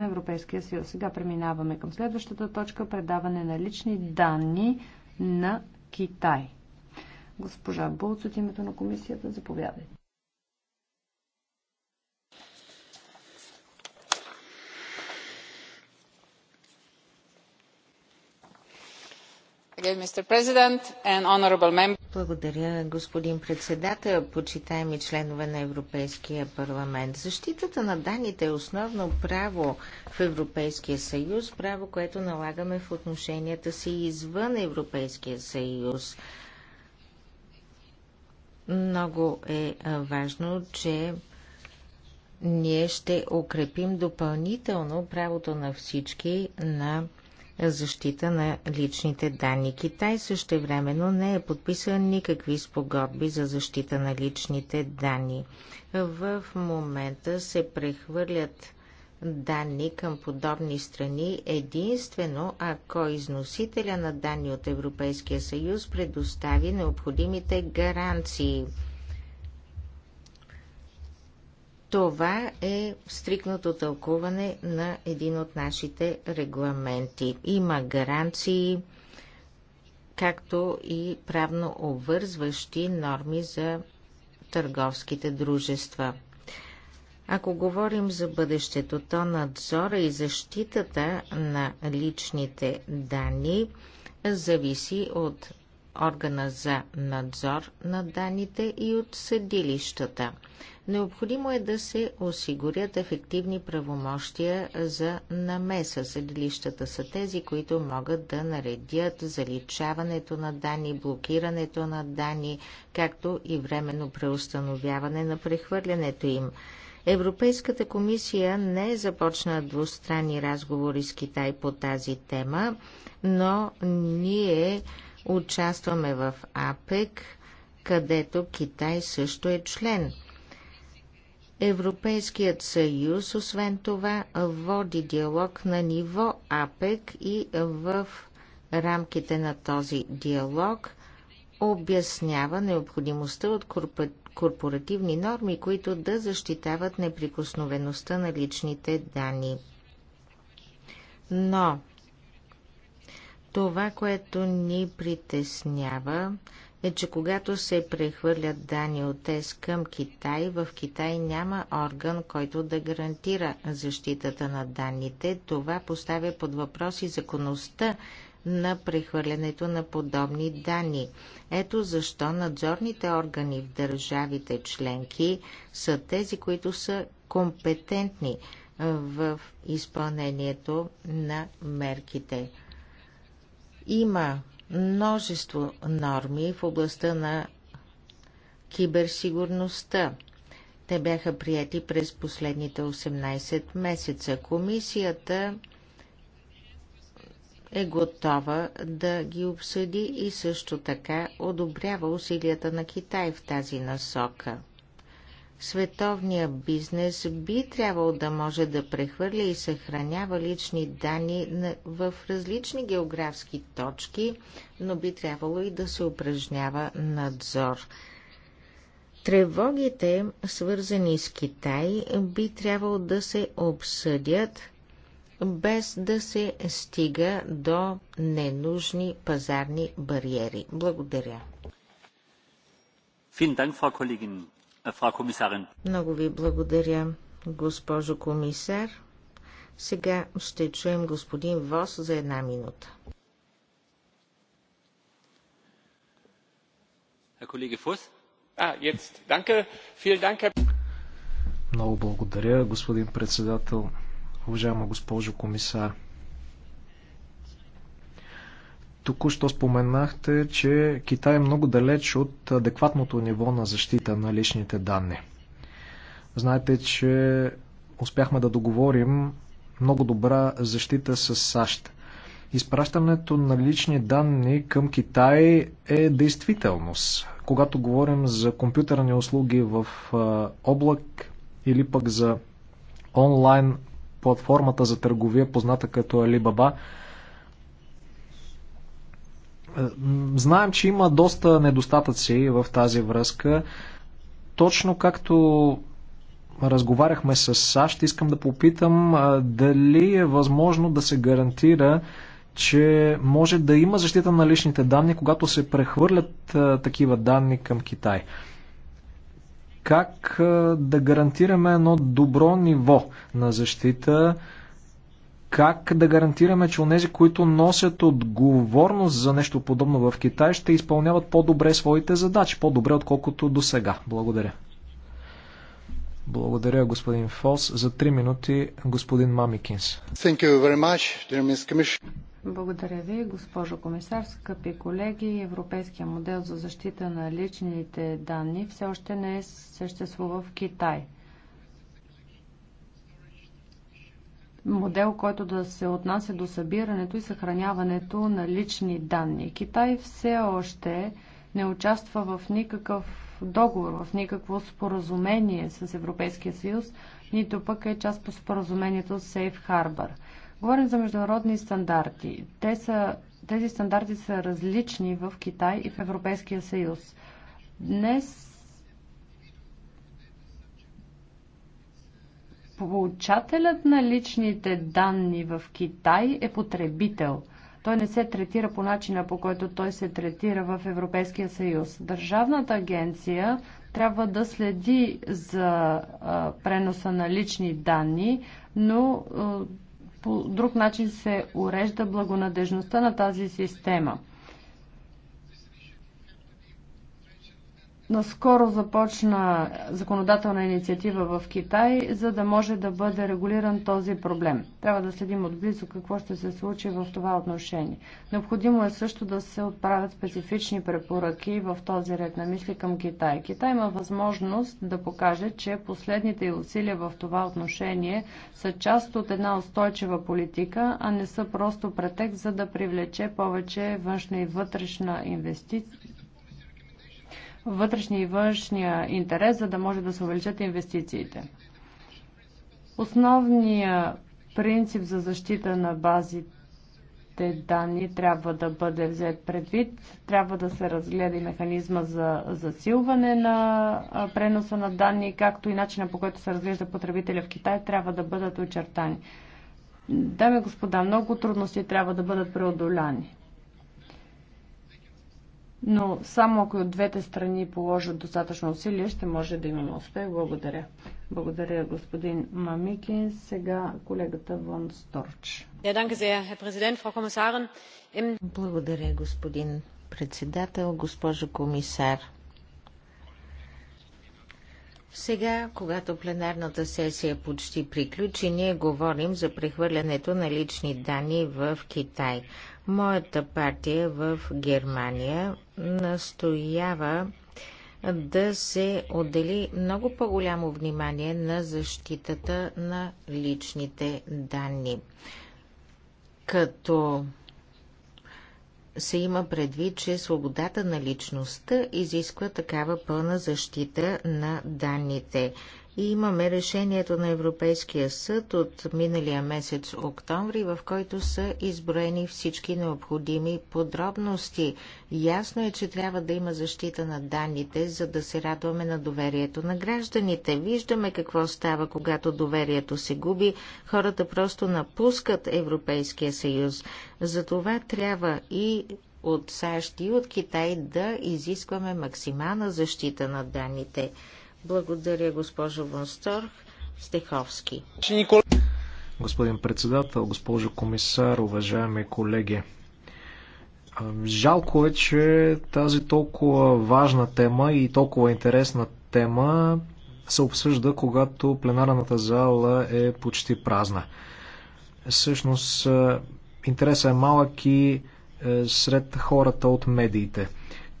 На Европейския съюз. Сега преминаваме към следващата точка предаване на лични данни на Китай. Госпожа Булц от името на комисията, заповядайте. Благодаря, господин председател, почитаеми членове на Европейския парламент. Защитата на данните е основно право в Европейския съюз, право, което налагаме в отношенията си извън Европейския съюз. Много е важно, че ние ще укрепим допълнително правото на всички на защита на личните данни. Китай също времено не е подписан никакви спогодби за защита на личните данни. В момента се прехвърлят данни към подобни страни единствено ако износителя на данни от Европейския съюз предостави необходимите гаранции – това е стрикното тълкуване на един от нашите регламенти. Има гаранции, както и правно обвързващи норми за търговските дружества. Ако говорим за бъдещето, то надзора и защитата на личните данни зависи от органа за надзор на данните и от съдилищата. Необходимо е да се осигурят ефективни правомощия за намеса. Съдилищата са тези, които могат да наредят заличаването на данни, блокирането на данни, както и временно преустановяване на прехвърлянето им. Европейската комисия не е започна двустранни разговори с Китай по тази тема, но ние Участваме в АПЕК, където Китай също е член. Европейският съюз, освен това, води диалог на ниво АПЕК и в рамките на този диалог обяснява необходимостта от корпоративни норми, които да защитават неприкосновеността на личните данни. Но това, което ни притеснява, е, че когато се прехвърлят данни от ЕС към Китай, в Китай няма орган, който да гарантира защитата на данните. Това поставя под въпрос и законността на прехвърлянето на подобни данни. Ето защо надзорните органи в държавите членки са тези, които са компетентни в изпълнението на мерките. Има множество норми в областта на киберсигурността. Те бяха прияти през последните 18 месеца. Комисията е готова да ги обсъди и също така одобрява усилията на Китай в тази насока. Световният бизнес би трябвало да може да прехвърля и съхранява лични данни в различни географски точки, но би трябвало и да се упражнява надзор. Тревогите, свързани с Китай, би трябвало да се обсъдят без да се стига до ненужни пазарни бариери. Благодаря. Vielen много ви благодаря, госпожо комисар. Сега ще чуем господин Вос за една минута. Много благодаря, господин председател, уважаема госпожо комисар. Току-що споменахте, че Китай е много далеч от адекватното ниво на защита на личните данни. Знаете, че успяхме да договорим много добра защита с САЩ. Изпращането на лични данни към Китай е действителност. Когато говорим за компютърни услуги в облак или пък за онлайн платформата за търговия, позната като Alibaba, Знаем, че има доста недостатъци в тази връзка. Точно както разговаряхме с САЩ, искам да попитам дали е възможно да се гарантира, че може да има защита на личните данни, когато се прехвърлят такива данни към Китай. Как да гарантираме едно добро ниво на защита? Как да гарантираме, че онези, които носят отговорност за нещо подобно в Китай, ще изпълняват по-добре своите задачи, по-добре отколкото до сега? Благодаря. Благодаря, господин Фос. За три минути господин Мамикинс. Much, Благодаря ви, госпожо комисар, скъпи колеги. Европейския модел за защита на личните данни все още не е съществува в Китай. модел, който да се отнася до събирането и съхраняването на лични данни. Китай все още не участва в никакъв договор, в никакво споразумение с Европейския съюз, нито пък е част по споразумението Safe Harbor. Говорим за международни стандарти. Те са, тези стандарти са различни в Китай и в Европейския съюз. Днес Получателят на личните данни в Китай е потребител. Той не се третира по начина, по който той се третира в Европейския съюз. Държавната агенция трябва да следи за а, преноса на лични данни, но а, по друг начин се урежда благонадежността на тази система. Наскоро започна законодателна инициатива в Китай, за да може да бъде регулиран този проблем. Трябва да следим отблизо какво ще се случи в това отношение. Необходимо е също да се отправят специфични препоръки в този ред на мисли към Китай. Китай има възможност да покаже, че последните усилия в това отношение са част от една устойчива политика, а не са просто претекст за да привлече повече външна и вътрешна инвестиция вътрешния и външния интерес, за да може да се увеличат инвестициите. Основният принцип за защита на базите данни трябва да бъде взет предвид. Трябва да се разгледа и механизма за засилване на преноса на данни, както и начина по който се разглежда потребителя в Китай, трябва да бъдат очертани. Даме и господа, много трудности трябва да бъдат преодоляни но само ако и от двете страни положат достатъчно усилия, ще може да имаме успех. Благодаря. Благодаря, господин Мамики. Сега колегата Вон Сторч. Благодаря, господин председател, госпожо комисар. Сега, когато пленарната сесия почти приключи, ние говорим за прехвърлянето на лични данни в Китай. Моята партия в Германия настоява да се отдели много по-голямо внимание на защитата на личните данни. Като се има предвид, че свободата на личността изисква такава пълна защита на данните. И имаме решението на Европейския съд от миналия месец октомври, в който са изброени всички необходими подробности. Ясно е, че трябва да има защита на данните, за да се радваме на доверието на гражданите. Виждаме какво става, когато доверието се губи. Хората просто напускат Европейския съюз. Затова трябва и от САЩ и от Китай да изискваме максимална защита на данните. Благодаря, госпожо Вонсторх. Стеховски. Господин председател, госпожо комисар, уважаеми колеги. Жалко е, че тази толкова важна тема и толкова интересна тема се обсъжда, когато пленарната зала е почти празна. Всъщност, интересът е малък и е, сред хората от медиите.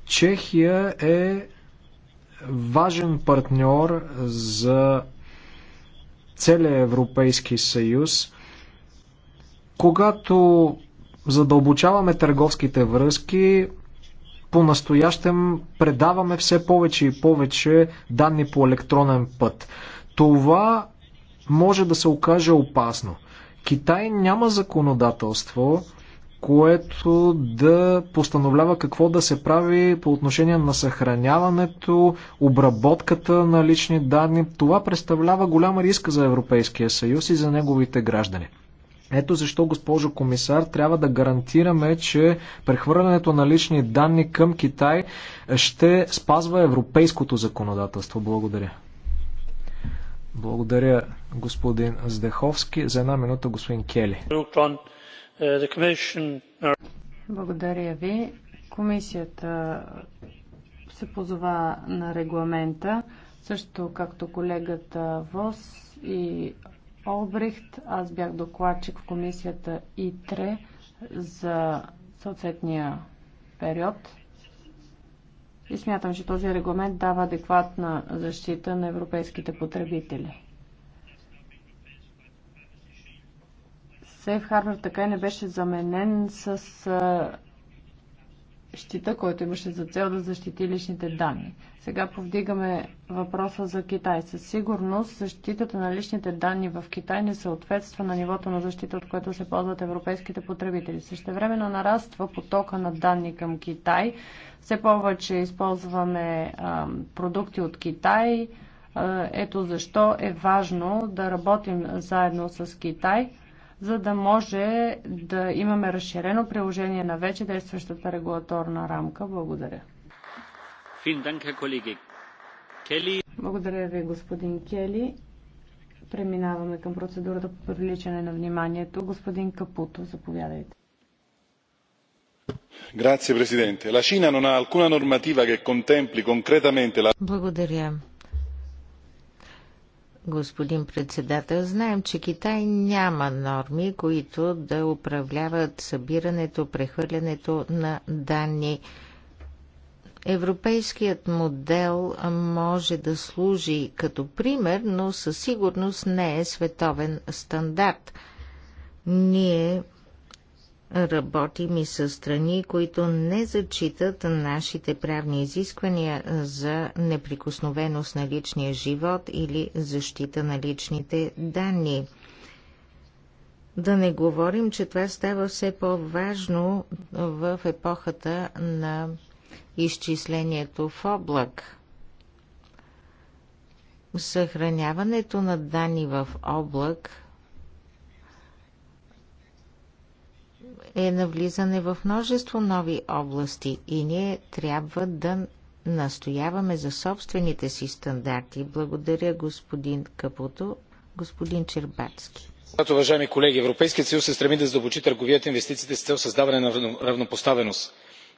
Чехия е важен партньор за целия Европейски съюз. Когато задълбочаваме търговските връзки, по-настоящем предаваме все повече и повече данни по електронен път. Това може да се окаже опасно. Китай няма законодателство, което да постановлява какво да се прави по отношение на съхраняването, обработката на лични данни. Това представлява голям риск за Европейския съюз и за неговите граждани. Ето защо, госпожо комисар, трябва да гарантираме, че прехвърлянето на лични данни към Китай ще спазва европейското законодателство. Благодаря. Благодаря, господин Здеховски. За една минута, господин Кели. Uh, Благодаря ви. Комисията се позова на регламента, също както колегата ВОС и Обрехт. Аз бях докладчик в комисията ИТРЕ за съответния период. И смятам, че този регламент дава адекватна защита на европейските потребители. Сейф Харбър така и не беше заменен с щита, който имаше за цел да защити личните данни. Сега повдигаме въпроса за Китай. Със сигурност защитата на личните данни в Китай не съответства на нивото на защита, от което се ползват европейските потребители. времено нараства потока на данни към Китай. Все повече използваме а, продукти от Китай. А, ето защо е важно да работим заедно с Китай – за да може да имаме разширено приложение на вече действащата регулаторна рамка. Благодаря. Благодаря ви, господин Кели. Преминаваме към процедурата по привличане на вниманието. Господин Капуто, заповядайте. Grazie Presidente. La Cina non ha alcuna normativa che contempli concretamente la... Благодаря господин председател. Знаем, че Китай няма норми, които да управляват събирането, прехвърлянето на данни. Европейският модел може да служи като пример, но със сигурност не е световен стандарт. Ние Работим и с страни, които не зачитат нашите правни изисквания за неприкосновеност на личния живот или защита на личните данни. Да не говорим, че това става все по-важно в епохата на изчислението в облак. Съхраняването на данни в облак е навлизане в множество нови области и ние трябва да настояваме за собствените си стандарти. Благодаря господин Капуто, господин Чербацки. Уважаеми колеги, Европейският съюз се стреми да задълбочи търговията и инвестициите с цел създаване на равнопоставеност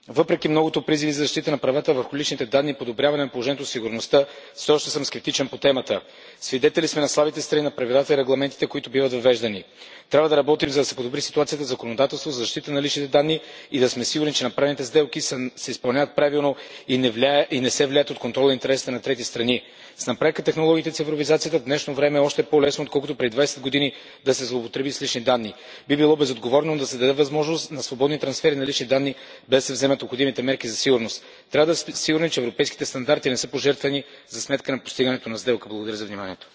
въпреки многото призиви за защита на правата върху личните данни и подобряване на положението в сигурността все още съм скептичен по темата. свидетели сме на слабите страни на правилата и регламентите които биват въвеждани. трябва да работим за да се подобри ситуацията в законодателството за защита на личните данни и да сме сигурни че направените сделки се изпълняват правилно и не се влияят от контрола интересите на трети страни. с напредъка на технологиите и цифровизацията в днешно време е още по лесно отколкото преди двадесет години да се злоупотреби с лични данни. би било безотговорно да се даде възможност на свободни трансфери на лични данни без да се вземат необходимите мерки за сигурност. трябва да сме сигурни че европейските стандарти не са пожертвани за сметка на постигането на сделка. благодаря за вниманието.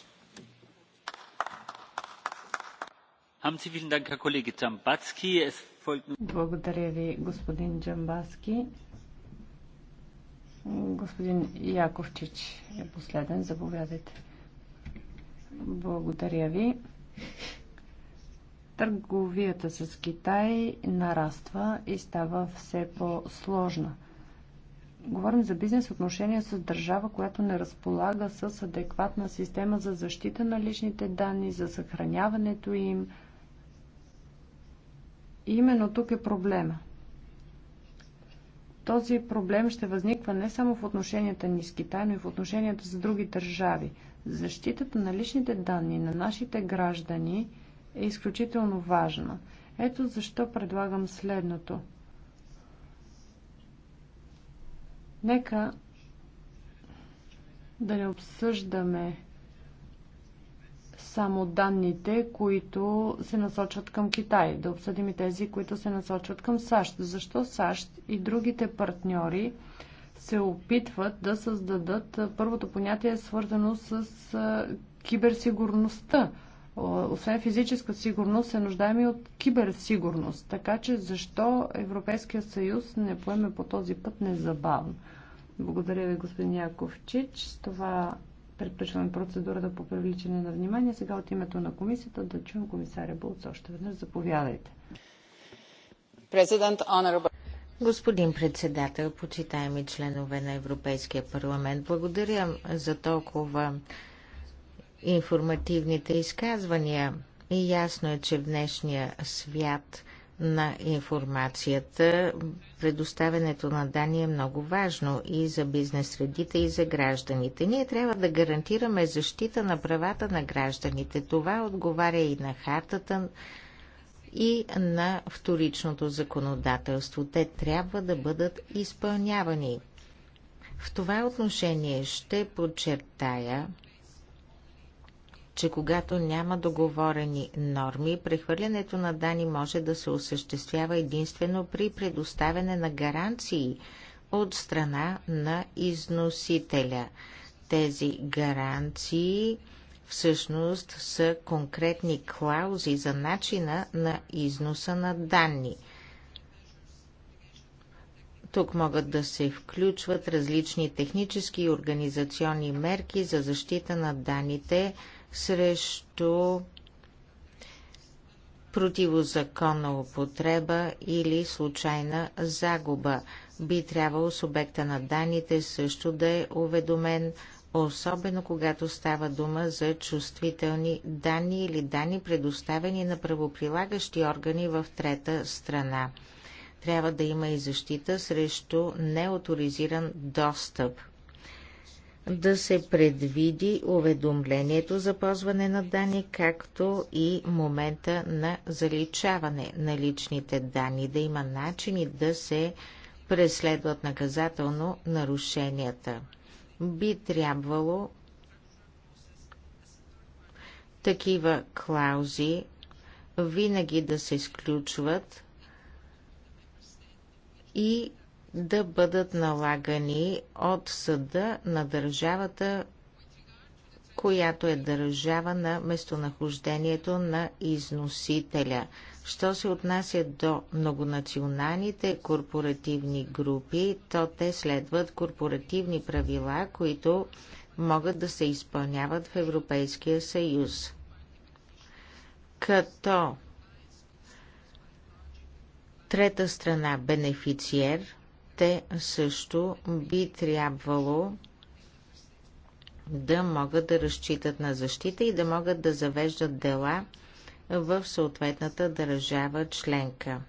Благодаря ви, господин Джамбаски. Господин Яковчич е последен. Заповядайте. Благодаря ви. Търговията с Китай нараства и става все по-сложна. Говорим за бизнес отношения с държава, която не разполага с адекватна система за защита на личните данни, за съхраняването им. И именно тук е проблема. Този проблем ще възниква не само в отношенията ни с Китай, но и в отношенията с други държави. Защитата на личните данни на нашите граждани – е изключително важна. Ето защо предлагам следното. Нека да не обсъждаме само данните, които се насочват към Китай, да обсъдим и тези, които се насочват към САЩ. Защо САЩ и другите партньори се опитват да създадат първото понятие, е свързано с киберсигурността? освен физическа сигурност, се нуждаем и от киберсигурност. Така че защо Европейския съюз не поеме по този път незабавно? Благодаря ви, господин Яковчич. С това приключваме процедурата по привличане на внимание. Сега от името на комисията да чуем комисаря Булц още веднъж. Заповядайте. Президент, Господин председател, почитаеми членове на Европейския парламент, благодаря за толкова информативните изказвания. И ясно е, че в днешния свят на информацията предоставянето на данни е много важно и за бизнес средите, и за гражданите. Ние трябва да гарантираме защита на правата на гражданите. Това отговаря и на хартата и на вторичното законодателство. Те трябва да бъдат изпълнявани. В това отношение ще подчертая, че когато няма договорени норми, прехвърлянето на данни може да се осъществява единствено при предоставяне на гаранции от страна на износителя. Тези гаранции всъщност са конкретни клаузи за начина на износа на данни. Тук могат да се включват различни технически и организационни мерки за защита на данните срещу противозаконна употреба или случайна загуба. Би трябвало субекта на данните също да е уведомен, особено когато става дума за чувствителни данни или данни предоставени на правоприлагащи органи в трета страна. Трябва да има и защита срещу неоторизиран достъп – да се предвиди уведомлението за ползване на данни, както и момента на заличаване на личните данни, да има начини да се преследват наказателно нарушенията. Би трябвало такива клаузи винаги да се изключват и да бъдат налагани от съда на държавата, която е държава на местонахождението на износителя. Що се отнася до многонационалните корпоративни групи, то те следват корпоративни правила, които могат да се изпълняват в Европейския съюз. Като трета страна бенефициер – те също би трябвало да могат да разчитат на защита и да могат да завеждат дела в съответната държава членка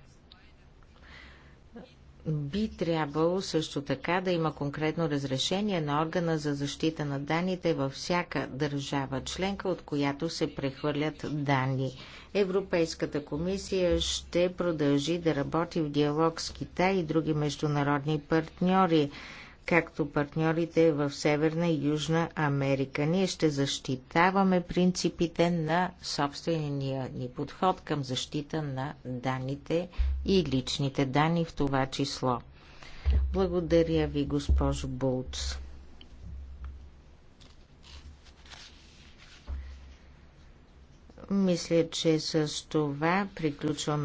би трябвало също така да има конкретно разрешение на органа за защита на данните във всяка държава членка, от която се прехвърлят данни. Европейската комисия ще продължи да работи в диалог с Китай и други международни партньори както партньорите в Северна и Южна Америка. Ние ще защитаваме принципите на собствения ни подход към защита на данните и личните данни в това число. Благодаря ви, госпожо Болц. Мисля, че с това приключваме.